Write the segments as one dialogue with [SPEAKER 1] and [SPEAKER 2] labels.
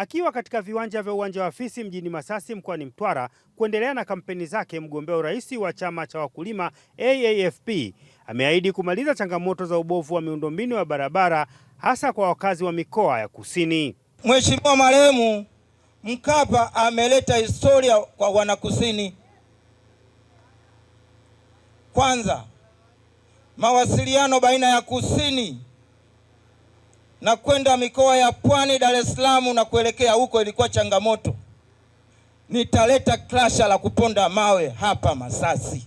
[SPEAKER 1] Akiwa katika viwanja vya uwanja wa Fisi mjini Masasi mkoani Mtwara kuendelea na kampeni zake, mgombea urais wa chama cha wakulima AAFP ameahidi kumaliza changamoto za ubovu wa miundombinu ya barabara hasa kwa wakazi wa mikoa ya kusini.
[SPEAKER 2] Mheshimiwa marehemu Mkapa ameleta historia kwa wanakusini. Kwanza, mawasiliano baina ya kusini na kwenda mikoa ya Pwani, Dar es Salaam na kuelekea huko, ilikuwa changamoto. Nitaleta klasha la kuponda mawe hapa Masasi.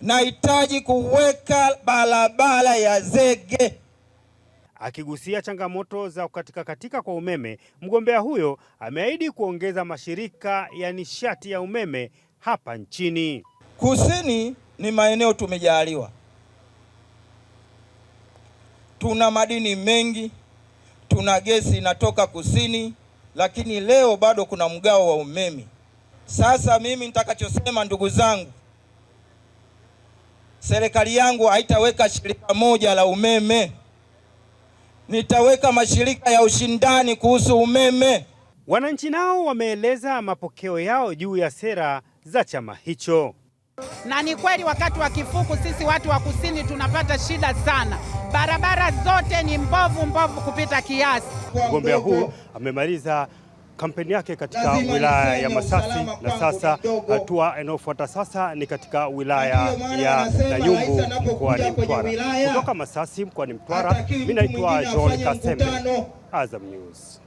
[SPEAKER 2] Nahitaji kuweka barabara ya zege.
[SPEAKER 1] Akigusia changamoto za kukatika katika kwa umeme, mgombea huyo ameahidi kuongeza mashirika ya nishati ya umeme hapa nchini.
[SPEAKER 2] Kusini ni maeneo tumejaaliwa Tuna madini mengi, tuna gesi inatoka kusini, lakini leo bado kuna mgao wa umeme. Sasa mimi nitakachosema, ndugu zangu, serikali yangu haitaweka shirika moja la umeme, nitaweka mashirika ya ushindani kuhusu umeme.
[SPEAKER 1] Wananchi nao wameeleza mapokeo yao juu ya sera za chama hicho
[SPEAKER 3] na ni kweli, wakati wa kifuku sisi watu wa kusini tunapata shida sana, barabara zote ni mbovu mbovu kupita kiasi.
[SPEAKER 1] Mgombea huu amemaliza kampeni yake katika wilaya ya Masasi na sasa hatua inayofuata sasa ni katika wilaya ya Nanyumbu mkoani Mtwara. Kutoka Masasi mkoani Mtwara, mimi naitwa John Kasembe, Azam News.